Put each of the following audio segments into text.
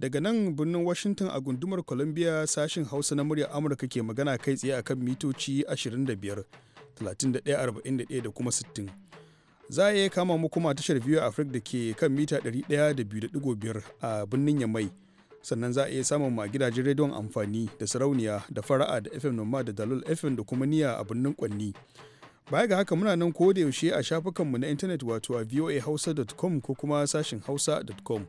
Daga nan birnin Washington a gundumar Columbia sashin Hausa na muryar Amurka ke magana kai tsaye akan mitoci 25, 31, da kuma 60. Za a iya kama mu kuma tashar a Africa da ke kan mita 102.5 a birnin Yamai. Sannan za a iya samun ma gidajen rediyon amfani da sarauniya da fara'a da FM Noma da Dalol FM da kuma niya a birnin Kwanni. Baya ga haka muna nan koda yaushe a shafukanmu na intanet wato a voahausa.com ko kuma sashin hausa.com.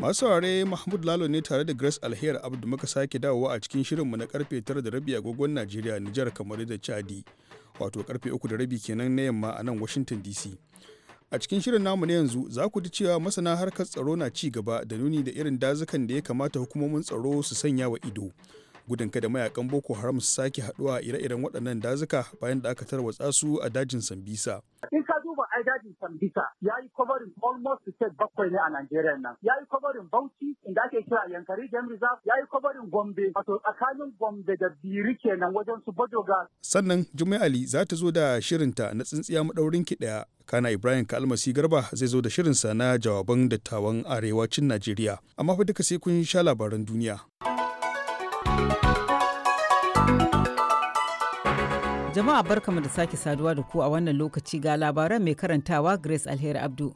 masu saurare mahmud lalo ne tare da grace alheri abdu muka sake dawowa a cikin shirinmu na karfe 9 da rabi agogon najeriya nijar kamar da chadi wato karfe uku da rabi kenan na yamma a nan washington dc a cikin shirin namu na yanzu za ku ji cewa masana harkar tsaro na ci gaba da nuni da irin dazukan da ya kamata hukumomin tsaro su sanya wa ido gudun kada mayakan boko haram su sake haduwa ire-iren waɗannan dazuka bayan da aka tarwatsa su a dajin sambisa in ka duba ai dajin Sambisa ya yi covering almost state bakwai ne a Najeriya nan. Ya yi covering Bauchi inda ake kira Yankari Game Reserve, ya yi covering Gombe, wato tsakanin Gombe da Biri kenan wajen su Bajoga. Sannan Jumai Ali za ta zo da shirinta na tsintsiya maɗaurin ki ɗaya. Kana Ibrahim Kalmasi Garba zai zo da shirinsa na jawaban dattawan arewacin Najeriya. Amma fa duka sai kun sha labaran duniya. Jama'a barkamu da sake saduwa da ku a wannan lokaci ga labaran mai karantawa Grace Alheri Abdu.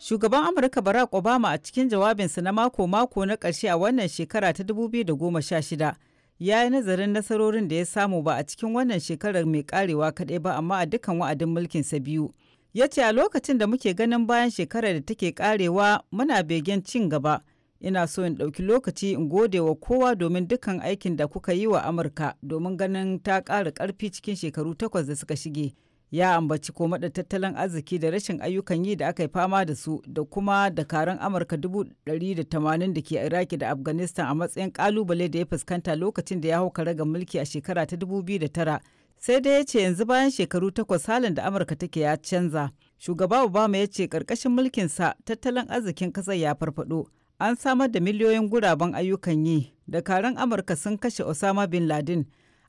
Shugaban Amurka Barack Obama a cikin jawabinsa na mako-mako na ƙarshe a wannan shekara ta 2016 ya yi nazarin nasarorin da ya samu ba a cikin wannan shekarar mai karewa kaɗai ba amma a dukkan wa'adin mulkin sa biyu. Ya ce a lokacin da muke ganin bayan shekarar da take karewa muna begen cin gaba. ina so in ɗauki lokaci in gode wa kowa domin dukkan aikin da kuka yi wa amurka domin ganin ta ƙara ƙarfi cikin shekaru takwas da suka shige ya ambaci ko da tattalin arziki da rashin ayyukan yi da aka yi fama da su da kuma dakarun amurka 180 da ke iraki da afghanistan a matsayin kalubale da ya fuskanta lokacin da ya hau ga mulki a shekara ta 2009 sai dai ya ce yanzu bayan shekaru takwas halin da amurka take ya canza shugaba obama ya ce ƙarƙashin mulkinsa tattalin arzikin ƙasar ya farfaɗo. an samar da miliyoyin guraben ayyukan yi dakaran amurka sun kashe osama bin laden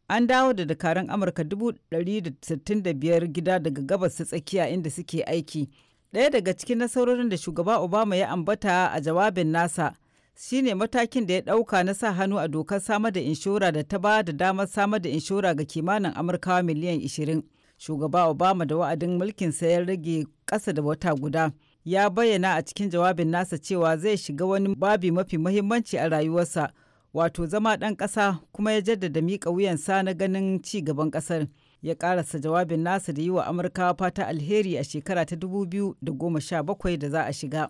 an dawo da dakaran amurka 165 gida daga gabas ta tsakiya inda suke aiki ɗaya daga cikin nasarorin da shugaba obama ya ambata a jawabin nasa shine matakin da ya ɗauka na sa hannu a dokar samar da inshora da ta ba da damar samar da inshora ga kimanin amurkawa miliyan 20 shugaba obama da wa'adin sa ya rage ƙasa da wata guda. ya bayyana a cikin jawabin nasa cewa zai shiga wani babi mafi muhimmanci a rayuwarsa wato zama ɗan ƙasa kuma ya jaddada miƙa wuyansa na ganin ci gaban ƙasar ya ƙarasa jawabin nasa da yi wa amurkawa fata alheri a shekara ta 2017 da za a shiga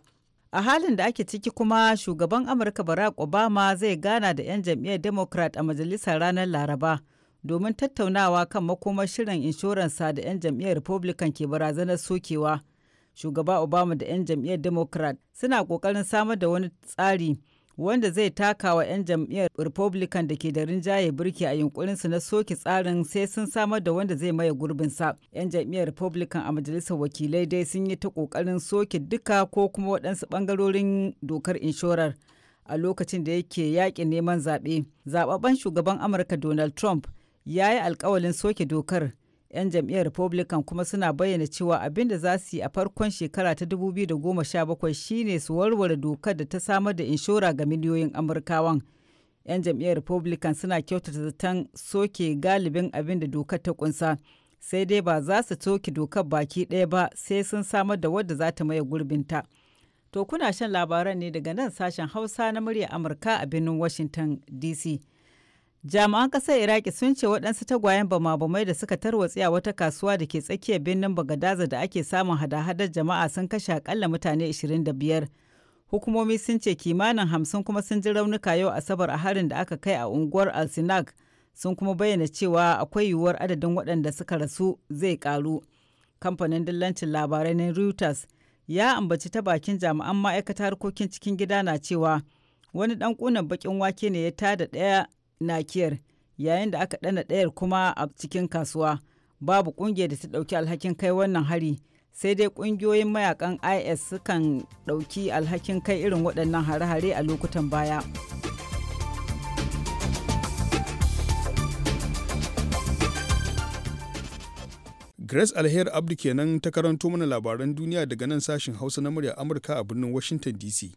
a halin da ake ciki kuma shugaban amurka barack obama zai gana da 'yan jam'iyyar democrat a majalisar ranar laraba domin tattaunawa kan makomar shirin inshoransa da 'yan jam'iyyar republican ke barazanar sokewa shugaba obama da 'yan jam'iyyar democrat suna kokarin samar da wani tsari wanda zai taka wa 'yan jam'iyyar republican da ke da rinjaye birki a yunkurinsu na soke tsarin sai sun samar da wanda zai maye gurbinsa 'yan jam'iyyar republican a majalisar wakilai dai sun yi ta kokarin soke duka ko kuma waɗansu ɓangarorin dokar inshorar a lokacin da yake yakin neman zaɓe Zaɓaɓɓen shugaban amurka donald trump ya yi alkawalin soke dokar 'yan jam'iyyar republican kuma suna bayyana cewa abin da za su yi a farkon shekara ta 2017 shine su warware dokar da ta samar da inshora ga miliyoyin amurkawan 'yan jam'iyyar republican suna kyautata zaton soke galibin abin da dokar ta kunsa sai dai ba za su soke dokar baki ɗaya ba sai sun samar da wadda za ta maye gurbinta to kuna shan labaran ne daga nan sashen hausa na murya amurka a birnin washington dc Jami'an ƙasar Iraki sun ce waɗansu tagwayen bama-bamai da suka tarwatsi a wata kasuwa da ke tsakiyar birnin Bagadaza da ake samun hada-hadar jama'a sun kashe akalla mutane 25. Hukumomi sun ce kimanin hamsin kuma sun ji raunuka yau Asabar a harin da aka kai a unguwar Alsinag sun kuma bayyana cewa akwai yiwuwar adadin waɗanda suka rasu zai karu Kamfanin dillancin labarai na Reuters ya ambaci ta bakin jami'an ma'aikatar harkokin cikin gida na cewa wani ɗan ƙunan baƙin wake ne ya tada ɗaya nakiyar yayin da aka ɗana ɗayar kuma a cikin kasuwa babu ƙungiyar da ta ɗauki alhakin kai wannan hari sai dai ƙungiyoyin mayakan is sukan ɗauki alhakin kai irin waɗannan hare-hare a lokutan baya. Grace Alher Abdu kenan ta karanto mana labaran duniya daga nan sashen Hausa na murya Amurka a birnin Washington DC.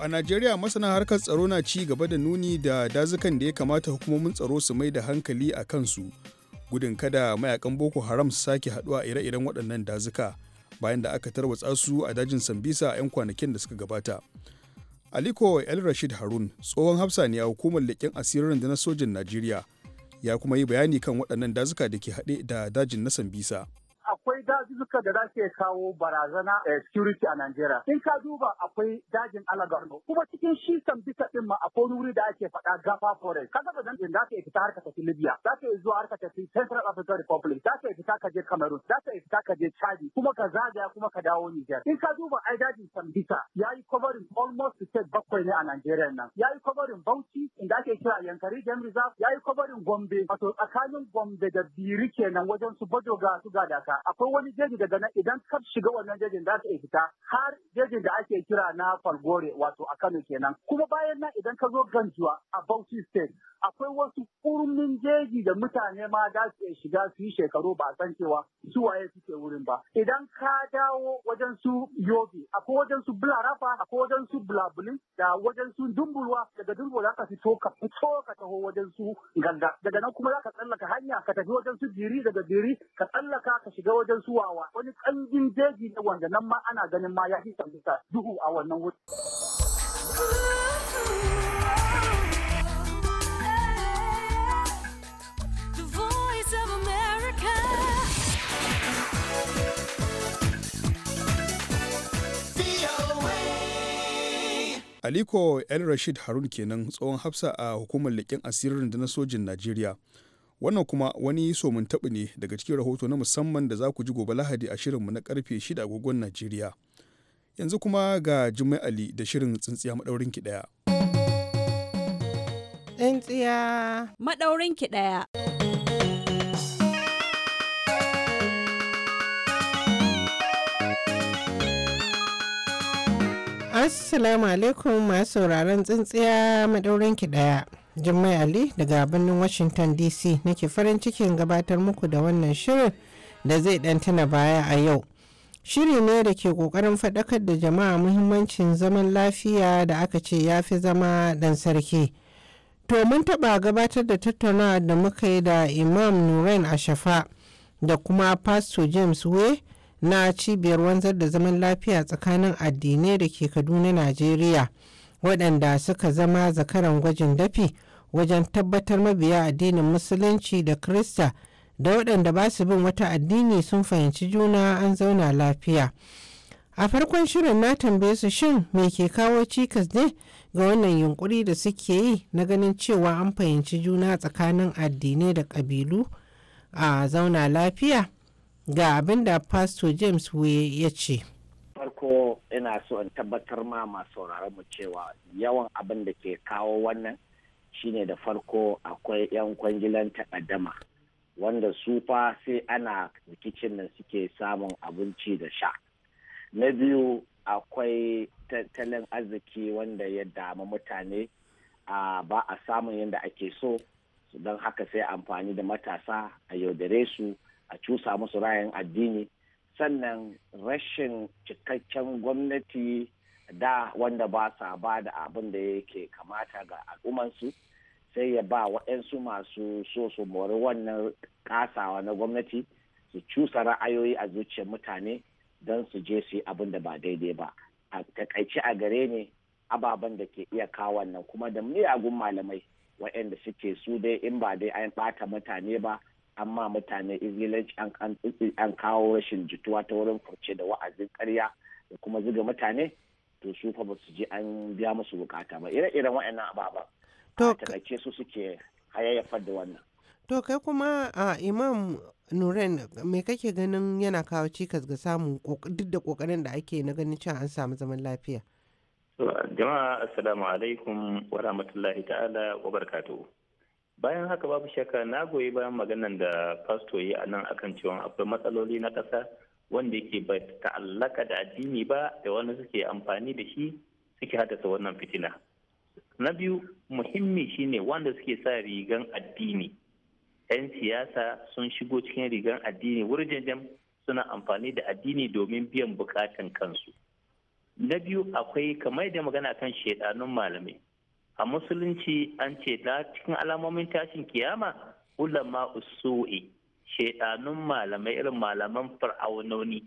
a Najeriya masana harkar tsaro na ci gaba da nuni da dazukan da ya kamata hukumomin tsaro su mai da hankali a kansu gudun kada mayakan Boko Haram su sake haduwa ire-iren waɗannan dazuka bayan da aka tarwatsa su a dajin Sambisa a 'yan kwanakin da suka gabata. Aliko El Rashid Harun tsohon hafsa ne a hukumar leƙen asirin da na sojin Najeriya ya kuma yi bayani kan waɗannan dazuka da ke haɗe da dajin na Sambisa. akwai dazuzzuka da za su kawo barazana a eh, security a Najeriya. In ka duba akwai dajin Alagarno kuma cikin shi bisa din ma akwai wuri da ake faɗa Gafa Forest. Kaga ba zan za da fita har ka tafi Libya, za ka zuwa har Central African Republic, za ka fita ka je Cameroon, za ka fita ka je Chad kuma ka zagaya kuma ka dawo Niger. In ka duba ai dajin Sambisa ya yi covering almost state bakwai ne a Najeriya nan. Ya yi covering Bauchi inda ake kira Yankari Game Reserve, ya yi covering Gombe, wato tsakanin Gombe da Biri kenan wajen su Bajoga su ga daka. akwai wani jeji daga nan idan ka shiga wannan jejin da ka fita har jejin da ake kira na falgore wato a Kano kenan kuma bayan nan idan ka zo Ganjuwa a Bauchi State akwai wasu kurmin jeji da mutane ma za su shiga su yi shekaru ba san cewa su waye suke wurin ba idan ka dawo wajen su Yobe akwai wajen su Bularafa akwai wajen su Bulabuli da wajen su Dumbulwa daga Dumbulwa ka fito ka fito ka taho wajen su Ganga daga nan kuma za ka tsallaka hanya ka tafi wajen su Diri daga Diri ka tsallaka ka shiga shiga wajen suwawa wani kangin jeji ne wanda nan ma ana ganin ma ya fi bisa duhu a wannan wuri. Aliko El Rashid Harun kenan tsohon hafsa a hukumar leƙen asirin da na sojin Najeriya. wannan kuma wani somin taɓi ne daga cikin rahoto na musamman da za ku ji gobe lahadi a shirinmu na karfe 6 agogon najeriya yanzu kuma ga jimai ali da shirin tsintsiya maɗaurin ki ɗaya tsintsiya maɗaurin ki ɗaya Assalamu alaikum masu sauraron tsintsiya maɗaurin ki ɗaya Jummai Ali daga birnin Washington DC nake farin cikin gabatar muku da wannan shirin da zai dan baya a yau. Shiri ne da ke kokarin faɗakar da jama'a muhimmancin zaman lafiya da aka ce ya fi zama ɗan sarki. To mun taɓa gabatar da tattaunawa da muka yi da Imam Nurain Ashafa da kuma Pastor James Way na cibiyar wanzar da zaman lafiya tsakanin addinai da ke Kaduna, Najeriya. waɗanda suka zama zakaran gwajin dafi wajen tabbatar mabiya addinin musulunci da krista da waɗanda ba su bin wata addini sun fahimci juna an zauna lafiya a farkon shirin na tambaye su shin me ke kawo cikas ne ga wannan yunkuri da suke yi na ganin cewa an fahimci juna tsakanin addinai da ƙabilu a zauna lafiya ga abin da pastor james wuye ya ce farko ina so in tabbatar ma masu mu cewa yawan abin da ke kawo wannan shine da farko akwai 'yan kwangilan takaddama wanda su fa sai ana rikicin nan suke samun abinci da sha na biyu akwai tattalin arziki wanda ya dama mutane ba a samun yadda ake so don haka sai amfani da matasa a yaudare su a cusa musu rayan addini sannan rashin cikakken gwamnati da wanda ba sa ba da abin da yake kamata ga al'ummansu sai ya ba waɗansu masu so su mori wannan kasawa na gwamnati su cusa ra'ayoyi a zuciyar mutane don su je su yi abin da ba daidai ba a takaici a gare ne ababen da ke iya kawo wannan kuma da miyagun malamai waɗanda suke su dai in ba dai an ɓata mutane ba amma mutane izgilanci an kawo rashin jituwa ta wurin furce da wa'azin karya da kuma ziga mutane to su fa ba su ji an biya musu bukata ba ire-iren waɗannan ababen to su suke hayayyafar da wannan to kai kuma a imam nuren mai kake ganin yana kawo cikas ga samun duk da kokarin da ake na ganin cewa an samu zaman lafiya jama'a assalamu alaikum wa rahmatullahi ta'ala wa barakatuhu bayan haka babu shakka na goyi bayan maganan da fasto yi a nan akan cewa akwai matsaloli na ƙasa wanda yake ba ta'allaka da addini ba da wani suke amfani da shi suke haddasa wannan fitina na biyu muhimmi shine wanda suke sa rigan addini 'yan siyasa sun shigo cikin rigan addini wurjejen suna amfani da addini domin biyan bukatan kansu na biyu akwai kamar da magana kan shaidanun malamai a musulunci an ce da cikin alamomin tashin kiyama ulama usu'i Shaiɗanun malamai irin malaman fir'aunoni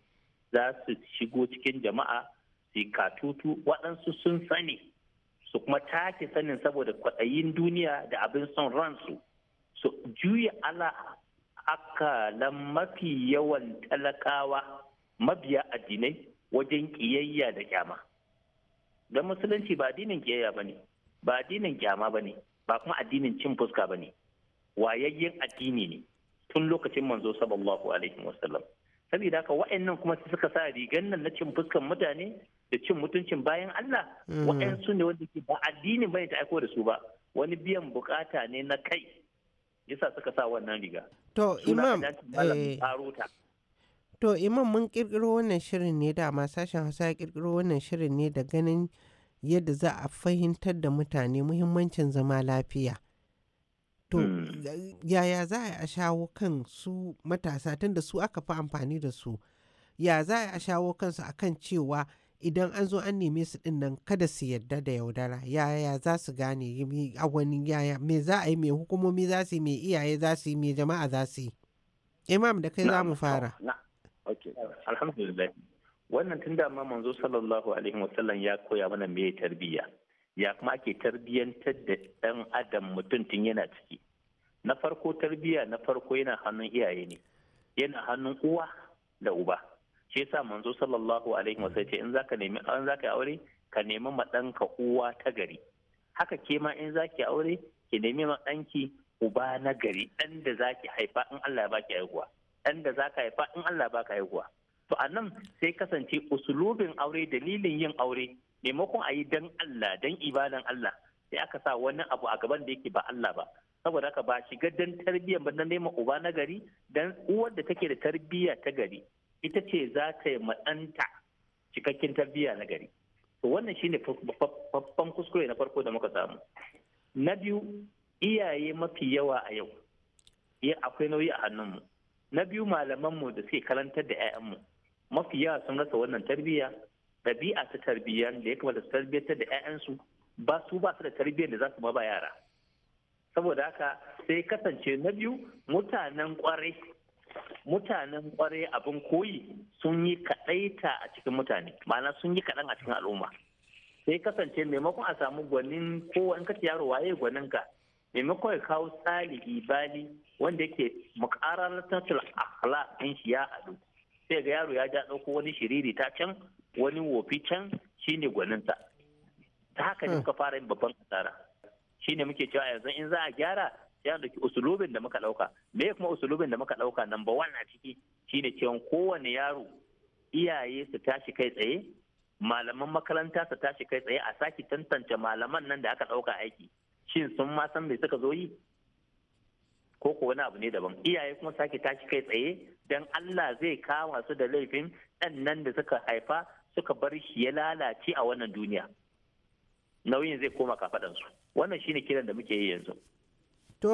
za su shigo cikin jama'a su katutu waɗansu sun sani su kuma take sanin saboda kwaɗayin duniya da abin son ransu su juya ala akalan mafi yawan talakawa mabiya addinai wajen ƙiyayya da kyama don musulunci ba addinin ƙiyayya ba ne ba addinin kyama ba ne ba kuma addinin cin fuska ba ne wayayyen addini ne tun lokacin manzo sallallahu alaihi wasallam saboda haka wa'annan kuma suka sa rigan nan na cin fuskan mutane da cin mutuncin bayan Allah mm. wa'ansu ne wanda ke ba addini bane ta aiko da su ba wani biyan bukata ne na kai yasa suka sa wannan riga to imam eh. to imam mun kirkiro wannan shirin ne da ma sashen Hausa ya kirkiro wannan shirin ne da ganin yadda za a fahimtar da mutane muhimmancin zama lafiya To, hmm. yaya za a shawo kan su matasa tunda su aka fi amfani da su? Ya za a shawo kansu akan cewa idan an zo an neme su din nan kada su yarda da yaudara yaya za su gane a wani yaya me za a yi mai hukumomi za su yi mai iyaye za su yi mai jama'a za su yi imam eh, da kai za mu fara alhamdulillah wannan tun da ma manzo sallallahu alaihi wasallam ya koya mana me tarbiyya ya kuma ake tarbiyyantar da ɗan adam mutum tun yana ciki na farko tarbiyya na farko yana hannun iyaye ne yana hannun uwa da uba shi yasa manzo sallallahu alaihi wasallam ce in zaka nemi an zaka aure ka nemi ma ɗanka uwa ta gari haka ke ma in zaki aure ki nemi ma ɗanki uba na gari ɗan da zaki haifa in Allah ya baki haihuwa ɗan da zaka haifa in Allah ya baka haihuwa to a sai kasance usulubin aure dalilin yin aure maimakon a yi dan Allah dan ibadan Allah sai aka sa wani abu a gaban da yake ba Allah ba saboda haka ba shiga dan tarbiyya ba na neman uba na gari dan uwar da take da tarbiyya ta gari ita ce za ta yi matsanta cikakken tarbiyya na gari to wannan shine babban kuskure na farko da muka samu na biyu iyaye mafi yawa a yau akwai nauyi a hannunmu na biyu malamanmu da suke karantar da 'ya'yanmu mafi yawa sun rasa wannan tarbiyya ɗabi'a ta tarbiyyar da ya kamata su tarbiyyar da 'ya'yansu ba su ba su da tarbiyyar da za su ba yara saboda haka sai kasance na biyu mutanen kwarai mutanen kwarai abin koyi sun yi kaɗaita a cikin mutane ma'ana sun yi kaɗan a cikin al'umma sai kasance maimakon a samu gwanin ko in yaro waye gwanin ka maimakon ya kawo tsari ibali wanda yake mukararar tattalin akhlaq ɗin shi ya haɗu sai ga yaro ya ja ɗauko wani shiriri ta can wani wofi can shine gwaninta ta haka ne hmm. muka fara yin babban asara shine muke cewa yanzu in za a gyara ya dauki usulubin da muka ɗauka. me kuma usulubin da muka ɗauka, number one a ciki shine cewa kowane yaro iyaye su tashi kai tsaye malaman makaranta su tashi kai tsaye a saki tantance malaman nan da aka dauka aiki shin sun ma san me suka zo yi ko ko wani abu ne daban iyaye kuma sake tashi kai tsaye dan Allah zai kama su da laifin ɗan nan da suka haifa suka bar shi ya lalace a wannan duniya nauyin zai koma kafaɗansu wannan shine kiran da muke yi yanzu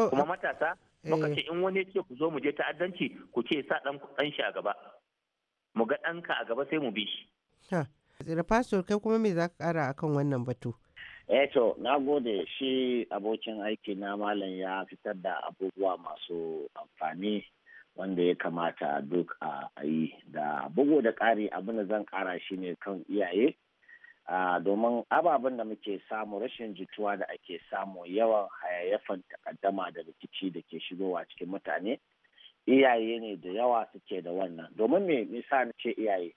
kuma matasa eh. muka ce in wani ya ce ku zo mu je ta'addanci ku ce sa dan shi a gaba mu ga ɗanka a gaba sai mu bi shi da pastor kai kuma me za ka kara akan wannan batu eh to na shi abokin aiki na malam ya fitar da abubuwa masu amfani wanda ya kamata duk a yi da bugu da ƙari abin da zan ƙara shi ne kan iyaye domin ababen da muke samu rashin jituwa da ake samu yawan hayayyafan takaddama da rikici da ke shigowa cikin mutane iyaye ne da yawa suke da wannan domin me na ce iyaye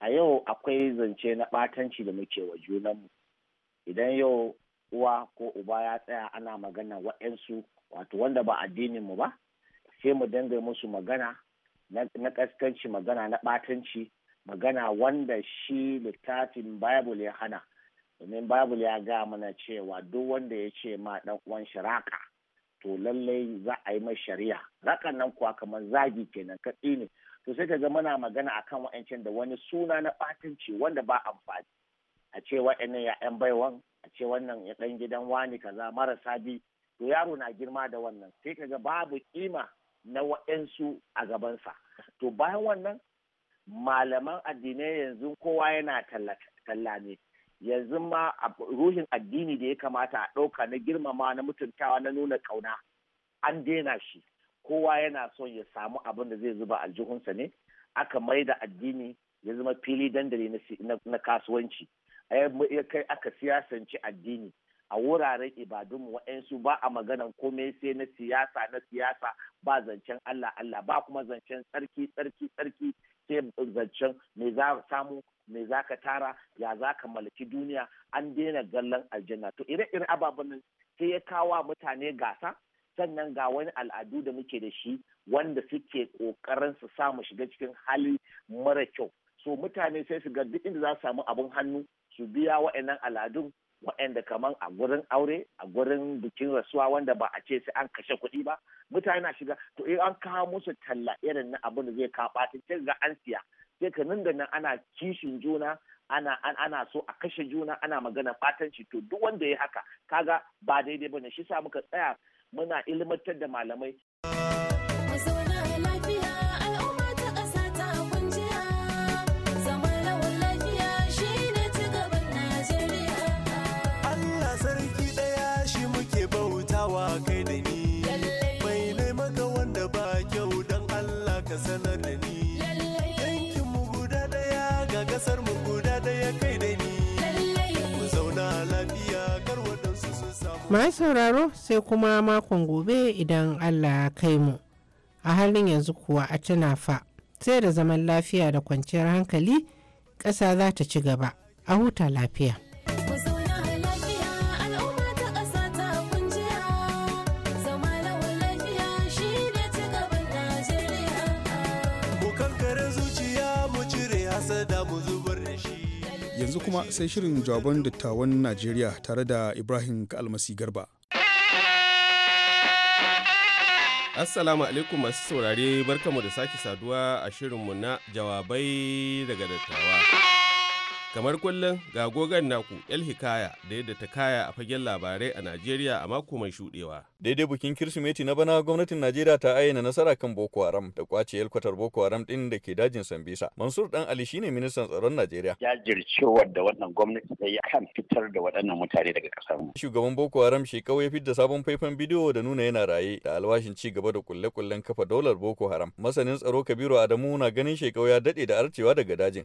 a yau akwai zance na ɓatanci da muke wa junanmu idan yau uwa ko uba ya tsaya ana magana wa'yansu wato wanda ba addinin mu ba sai mu dinga musu magana na kaskanci magana na batanci magana wanda shi littafin bible ya hana domin bible ya ga mana cewa duk wanda ya ce ma dan uwan shi to lallai za a yi mai shari'a rakan nan kuwa kamar zagi kenan katsi ne to sai ka ga muna magana akan wa'ancan da wani suna na batanci wanda ba amfani a ce wa'annan ya'yan baiwan a ce wannan ya ɗan gidan wani kaza marasa bi to yaro na girma da wannan sai ka ga babu kima na waɗansu a gabansa to bayan wannan malaman addinai yanzu kowa yana talla ne yanzu ma ruhin addini da ya kamata a ɗauka na girmama na mutuntawa na nuna ƙauna an daina shi kowa yana son ya samu abin da zai zuba aljihunsa ne aka mai da addini ya zama fili dandali na kasuwanci ya kai aka siyasanci addini a wuraren ibadunmu waɗansu ba a maganan komai sai na siyasa na siyasa ba zancen Allah Allah ba kuma zancen tsarki tsarki tsarki sai zancen me za samu me za ka tara ya za ka mallaki duniya an daina gallan aljanna to ire-ire ababen nan sai ya kawo mutane gasa sannan ga wani al'adu da muke da shi wanda suke kokarin su samu shiga cikin hali mara kyau so mutane sai su ga duk inda za su samu abun hannu su biya wa'annan al'adun waɗanda kaman a gurin aure a gurin bikin rasuwa wanda ba a ce sai an kashe kuɗi ba mutane na shiga to in an kawo musu talla irin na abin da zai kaɓa ta ce ga an siya sai ka nan da nan ana kishin juna ana ana so a kashe juna ana magana batanci to duk wanda ya haka kaga ba daidai bane shi sa muka tsaya muna ilmantar da malamai Ma sauraro sai kuma makon gobe idan Allah ya kai mu. A halin yanzu kuwa a tuna fa sai da zaman lafiya da kwanciyar hankali ƙasa za ta ci gaba. A huta lafiya. yanzu kuma sai shirin jawaban dattawan najeriya tare da ibrahim kalmasi garba assalamu alaikum masu saurare barkamu da sake saduwa a shirinmu na jawabai daga dattawa Kamar kullum ga gogan naku El Hikaya da yadda ta kaya a fagen labarai a Najeriya a mako mai shudewa. Daidai bukin Kirsimeti na bana gwamnatin Najeriya ta ayyana nasara kan Boko Haram da kwace yalkwatar Boko Haram din da ke dajin Sambisa. Mansur Dan Ali shine ministan tsaron Najeriya. Jajircewar da wannan gwamnati ta yi kan fitar da waɗannan mutane daga kasarmu mu. Shugaban Boko Haram shi kawai fi da sabon faifan bidiyo da nuna yana raye da alwashin ci gaba da kulle-kullen kafa daular Boko Haram. Masanin tsaro Kabiru Adamu na ganin shekau ya daɗe da arcewa daga dajin.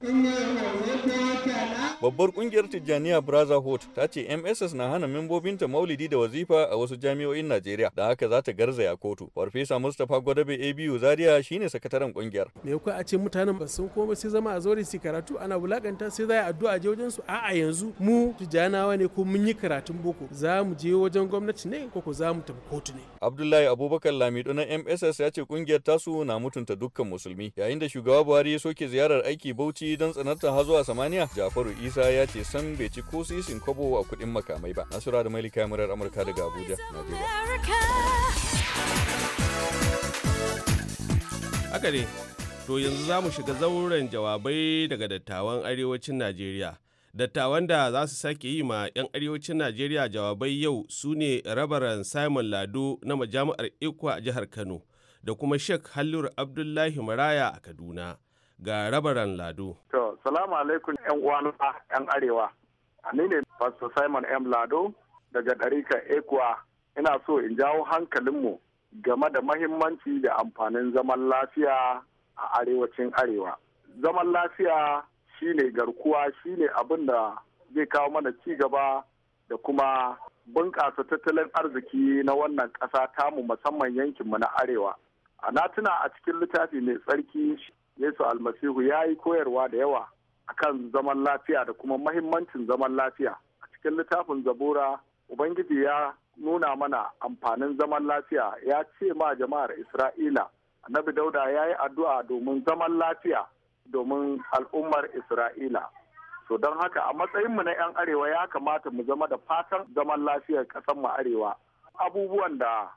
Babbar kungiyar Tijjaniya Brotherhood ta ce MSS na hana membobinta maulidi da wazifa a wasu jami'o'in Najeriya da haka za ta garzaya kotu. Farfesa Mustapha Gwadabe ABU Zaria shine sakataren kungiyar. Me ko a ce mutanen ba sun koma sai zama a zore su karatu ana bulakanta sai za a addu'a je wajen su a'a yanzu mu Tijjanawa ne ko mun yi karatun boko za mu je wajen gwamnati ne ko ko za mu tafi kotu ne. Abdullahi Abubakar Lamido na MSS ya ce kungiyar tasu na mutunta dukkan musulmi yayin da shugaba Buhari ya soke ziyarar aiki Bauchi don tsanarta har zuwa samaniya Jafa Jafaru Isa ya ce san bai ci ko sisin kobo a kudin makamai ba. Nasura da Malika murar Amurka daga Abuja, Najeriya. Haka ne, to yanzu za mu shiga zauren jawabai daga dattawan arewacin Najeriya. Dattawan da za su sake yi ma 'yan arewacin Najeriya jawabai yau su ne rabaran Simon Lado na majami'ar Ikwa a jihar Kano da kuma Sheikh Hallur Abdullahi Maraya a Kaduna. ga rabaran lado. To, salamu alaikum ‘yan uwana ‘yan arewa. Ni ne Pastor Simon M. Lado daga ɗarika Ekuwa. Ina so in jawo hankalinmu game da mahimmanci da amfanin zaman lafiya a arewacin arewa. Zaman lafiya shi ne garkuwa shi ne abin da zai kawo mana ci gaba da kuma bunƙasa tattalin arziki na wannan ƙasa tamu musamman yankinmu na arewa. A na tuna a cikin littafi mai tsarki yesu almasihu ya yi koyarwa da yawa akan zaman lafiya da kuma mahimmancin zaman lafiya a cikin littafin zabura ubangiji ya nuna mana amfanin zaman lafiya ya ce ma jama'ar isra'ila annabi dauda ya yi addu'a domin zaman lafiya domin al'ummar isra'ila so don haka a matsayinmu na 'yan arewa ya kamata mu zama da fatan zaman lafiyar ƙasar mu arewa abubuwan da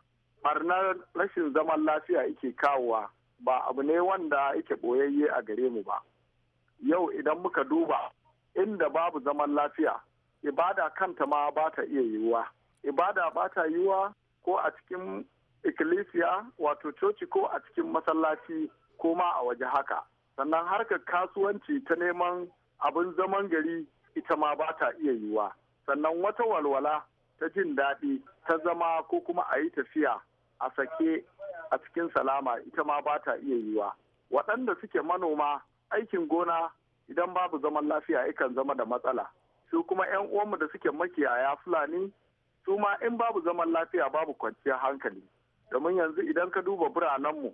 barnar rashin zaman lafiya yake kawowa ba abu ne wanda yake boyayye a gare mu ba yau idan muka duba inda babu zaman lafiya ibada kanta ma ba ta iya yiwuwa ibada ba ta yiwuwa ko a cikin ikkilisiya wato coci ko a cikin masallaci ko ma a waje haka sannan harkar kasuwanci ta neman abin zaman gari ita ma ba ta iya yiwuwa sannan wata walwala ta jin daɗi ta zama ko kuma a yi tafiya a sake a cikin salama ita ma ba ta iya yiwa waɗanda suke manoma aikin gona idan babu zaman lafiya yakan zama da matsala su kuma 'yan uwanmu da suke makiyaya fulani su ma in babu zaman lafiya babu kwanciyar hankali domin yanzu idan ka duba biranenmu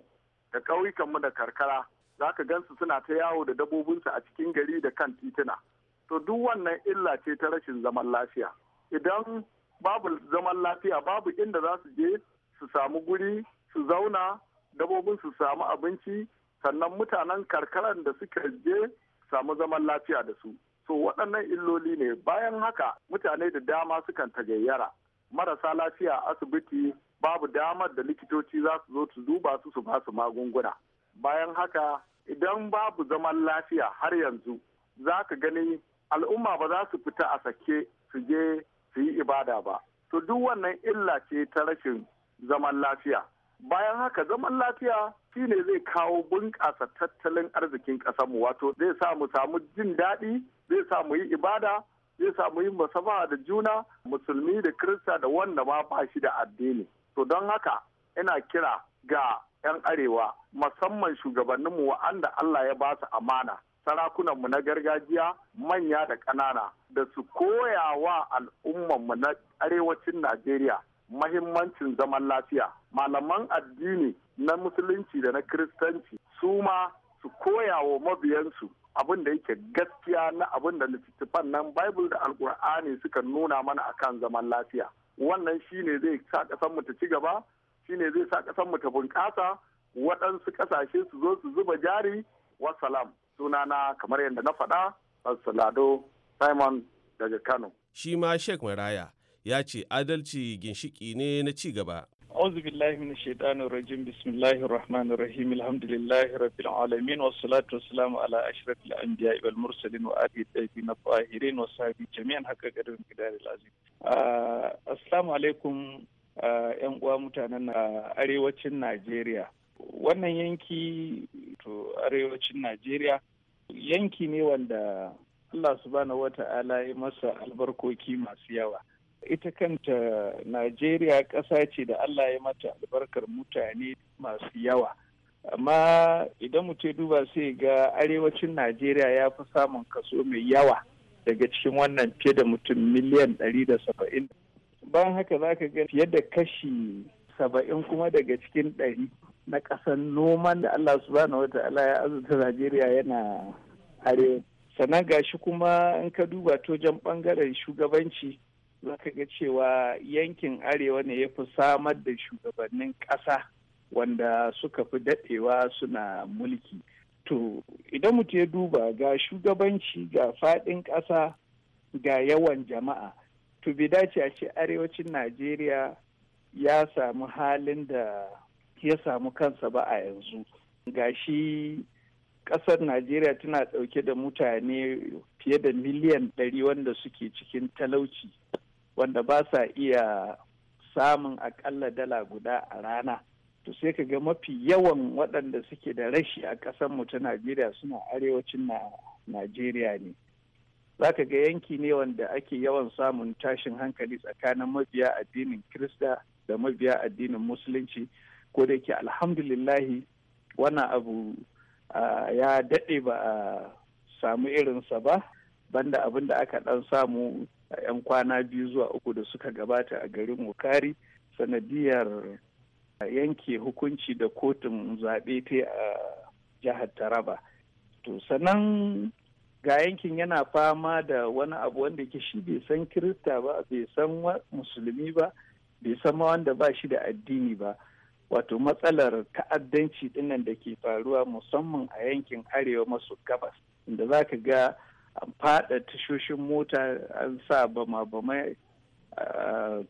da ƙauyukanmu da karkara za ka gansu suna ta yawo da dabobinsu a cikin gari da kan tituna to duk wannan illa ce ta rashin zaman lafiya idan babu zaman lafiya babu inda za su je su samu guri su zauna dabobin su samu abinci sannan mutanen karkaran da suka je samu zaman lafiya da su so waɗannan illoli ne bayan haka mutane da dama sukan tagayyara marasa lafiya asibiti babu damar da likitoci za su zo su duba su su ba su magunguna bayan haka idan babu zaman lafiya har yanzu za ka gani al'umma ba za su fita a sake su je su yi ibada ba to duk wannan illa ce ta rashin zaman lafiya bayan haka zaman lafiya shine zai kawo bunƙasa tattalin arzikin mu. wato zai sa mu samu jin daɗi zai sa mu yi ibada zai sa mu yi musabaha da juna musulmi da kirista da wanda ma ba shi da addini to don haka ina kira ga 'yan arewa musamman shugabanninmu wa'anda Allah ya ba su amana mu na gargajiya manya da ƙanana da su koya wa al'ummanmu na arewacin Najeriya mahimmancin zaman lafiya malaman addini na musulunci da na kiristanci su ma su koya wa mabiyansu abin da yake gaskiya na abin da littattafan nan bible da alkur'ani suka nuna mana a kan zaman lafiya wannan shine zai sa kasan mu ta ci gaba shine zai sa kasan mu ta bunƙasa waɗansu ƙasashe su zo su zuba jari wasalam na kamar yadda na faɗa salado simon daga kano shi ma sheikh maraya ya ce adalci ginshiki ne na ci gaba. Auzu billahi mini shaidanin rajin bismillahi rahman rahim alhamdulillahi rabbil alamin wasu salatu wasu salamu ala ashirafi an biya ibal mursalin wa abi daifi na fahire wasu haifi jami'an haka garin gida da lazi. Asalamu yan uwa mutanen na arewacin Najeriya. Wannan yanki to arewacin Najeriya yanki ne wanda Allah su bana wata alayi masa albarkoki masu yawa. ita kanta najeriya ƙasa ce da allah ya mata albarkar mutane masu yawa amma idan mutum duba sai ga arewacin najeriya ya fi samun kaso mai yawa daga cikin wannan fiye da mutum miliyan ɗari da saba'in. bayan haka za ka ga fiye da kashi saba'in kuma daga cikin ɗari na ƙasar noman da Allah subhanahu wa ta'ala ya azurta Najeriya yana arewa. Sannan gashi kuma in ka duba tojan ɓangaren shugabanci zaka ga cewa yankin arewa ne ya fi samar da shugabannin ƙasa wanda suka fi daɗewa suna mulki to idan mutum ya duba ga shugabanci ga faɗin ƙasa ga yawan jama'a to bai dace a ce arewacin najeriya ya samu halin da ya samu kansa ba a yanzu ga shi ƙasar najeriya tana ɗauke da mutane fiye da miliyan ɗari wanda suke cikin talauci wanda ba sa iya samun akalla dala guda a rana to sai ka ga mafi yawan waɗanda suke da rashi a ƙasar mu ta najeriya suna arewacin na najeriya ne za ka ga yanki ne wanda ake yawan samun tashin hankali tsakanin mabiya addinin kirista da mabiya addinin musulunci ko da yake alhamdulillahi wannan abu ya daɗe ba a samu irinsa ba banda abin da aka ɗan samu a 'yan kwana biyu zuwa uku da suka gabata a garin wukari sanadiyar yanke hukunci da kotun zaɓe ta a jihar taraba to sannan ga yankin yana fama da wani abu wanda ke shi bai san kirista ba bai san musulmi ba bai san wanda ba shi da addini ba wato matsalar ta'addanci dinnan da ke faruwa musamman a yankin arewa maso gabas inda za ka ga an fada tashoshin mota an sa bama-bamai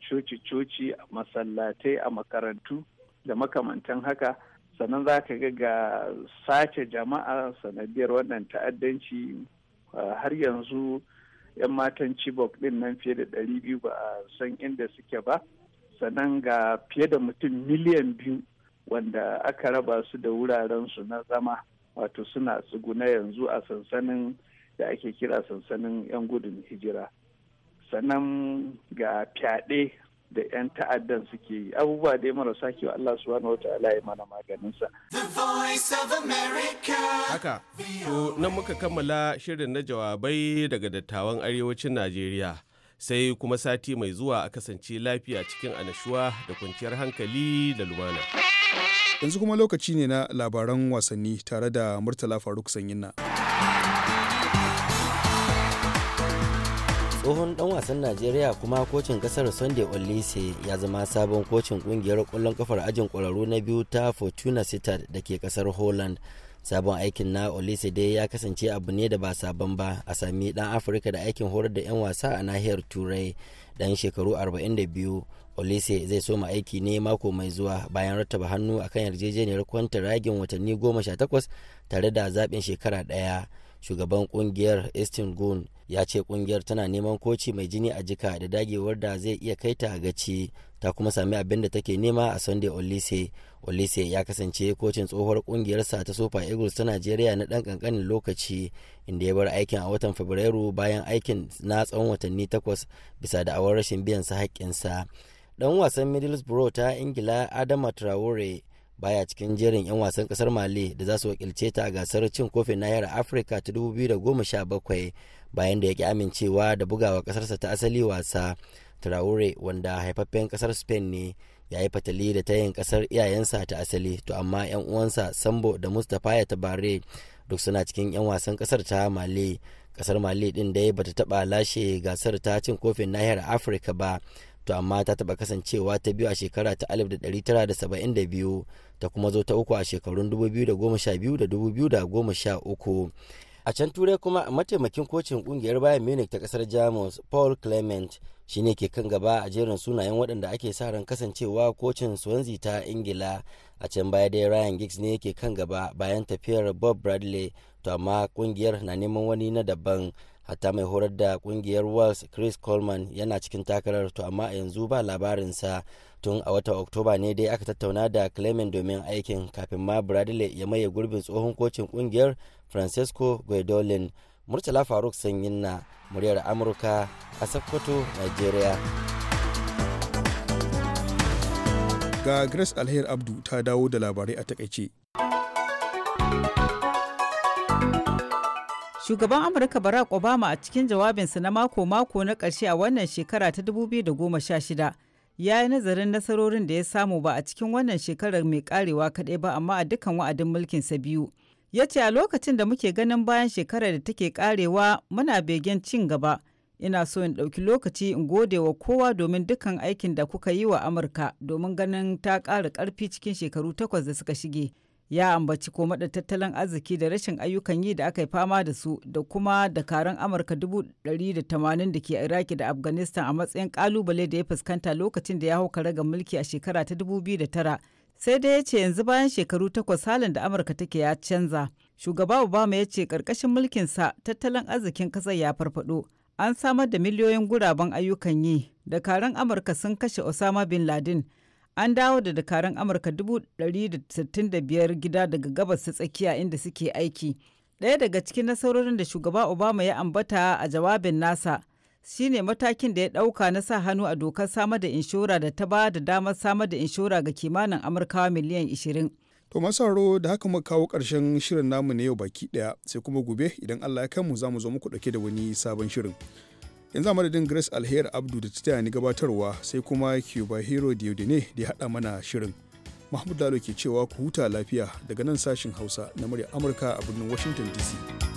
coci-coci a masallatai a makarantu da makamantan haka sannan za ka ga ga sace jama'a sanadiyar wannan ta'addanci har yanzu 'yan matan chibok din nan fiye da biyu ba a san inda suke ba sannan ga fiye da mutum miliyan biyu wanda aka raba su da wuraren su na zama wato suna tsuguna yanzu a sansanin da ake kira sansanin 'yan gudun hijira sannan ga fyaɗe da 'yan ta'addan suke yi abubuwa dai marasa kyau Allah su wani wata ya mana maganinsa. Haka, to nan muka kammala shirin na jawabai daga dattawan arewacin Najeriya. Sai kuma sati mai zuwa a kasance lafiya cikin anashuwa da kwanciyar hankali da lumana. Yanzu kuma lokaci ne na labaran wasanni tare da Murtala Faruk Sanyinna. tsohon dan wasan najeriya kuma kocin kasar sunday olise ya zama sabon kocin kungiyar kwallon kafar ajin kwararru na biyu ta fortuna sitar da ke kasar holland sabon aikin na olise dai ya kasance abu ne da ba sabon ba a sami dan afirka da aikin horar da 'yan wasa a nahiyar turai dan shekaru 42 olise zai soma aiki ne mako mai zuwa bayan rattaba hannu akan yarjejeniyar kwanta ragin watanni 18 tare da zaɓin shekara ɗaya shugaban kungiyar estin gun ya ce kungiyar tana neman koci mai jini a jika da dagewar da zai iya kai ta gaci ta kuma sami abin da take nema a sunday olise olise ya kasance kocin tsohuwar kungiyarsa ta super eagles ta najeriya na dan kankanin lokaci inda ya bar aikin a watan fabrairu bayan aikin na tsawon watanni takwas bisa da awar rashin biyan sa haƙƙinsa dan wasan middlesbrough ta ingila adama traore baya cikin jerin 'yan wasan kasar mali da za su wakilce ta a gasar cin kofin nahiyar afirka ta 2017 bayan da ya ki amincewa da bugawa kasarsa ta asali wasa traore wanda haifaffen kasar spain ne ya yi fatali da tayin kasar iyayensa ta asali to amma 'yan uwansa sambo da mustapha ya tabare duk suna cikin 'yan wasan kasar ta mali kasar mali din dai bata taba lashe gasar ta cin kofin nahiyar afirka ba to amma ta taɓa kasancewa ta biyu a shekara ta 1972 ta kuma zo ta uku a shekarun 2012 da 2013 a can turai kuma mataimakin kocin kungiyar bayan munich ta kasar jamus paul clement shine ke kan gaba a jerin sunayen waɗanda ake sa ran kasancewa kocin swansea ta ingila a can baya dai ryan giggs ne ke kan gaba bayan tafiyar bob bradley to amma kungiyar na neman wani na daban hatta mai horar da kungiyar wales chris coleman yana cikin takarar to amma yanzu ba labarinsa tun a watan oktoba ne dai aka tattauna da clement domin aikin kafin ma bradley ya maye gurbin tsohon kocin kungiyar francesco guidolin murtala faruk sanyin na muryar amurka a sokoto nigeria ga grace alher abdu ta dawo da labarai a takaice Shugaban Amurka Barack Obama a cikin jawabinsa na mako-mako na ƙarshe a wannan shekara ta 2016 ya yi nazarin nasarorin da ya samu ba a cikin wannan shekarar mai karewa kaɗai ba amma a dukkan wa'adin mulkinsa biyu. Ya ce a lokacin da muke ganin bayan shekarar da take karewa muna begen cin gaba. Ina so in ɗauki lokaci in gode wa kowa domin dukkan aikin da kuka yi wa Amurka domin ganin ta ƙara ƙarfi cikin shekaru takwas da suka shige. ya ambaci koma da tattalin arziki da rashin ayyukan yi da aka yi fama da su da kuma dakarun amurka 180 da ke iraki da afghanistan a matsayin kalubale da ya fuskanta lokacin da ya hau ga mulki a shekara ta 2009 sai dai ya ce yanzu bayan shekaru takwas halin da amurka take ya canza shugaba obama ya ce karkashin mulkinsa tattalin arzikin kasar ya farfado an samar da miliyoyin guraben ayyukan yi dakarun amurka sun kashe osama bin laden an dawo da dakarun amurka 165 gida daga gabas ta tsakiya inda suke aiki ɗaya daga cikin nasarorin da shugaba obama ya ambata a jawabin nasa shine matakin da ya ɗauka na sa hannu a dokar samar da inshora da ta ba da damar samar da inshora ga kimanin amurkawa miliyan 20 to masaro da haka muka kawo ƙarshen shirin namu na yau baki ɗaya sai kuma gobe idan allah ya mu za mu zo muku ɗauke da wani sabon shirin yanzu a madadin grace alheri abdu da ta ni gabatarwa sai kuma cuba hero diodine da ya haɗa mana shirin mahmud lalo ke cewa ku huta lafiya daga nan sashin hausa na murya amurka a birnin washington dc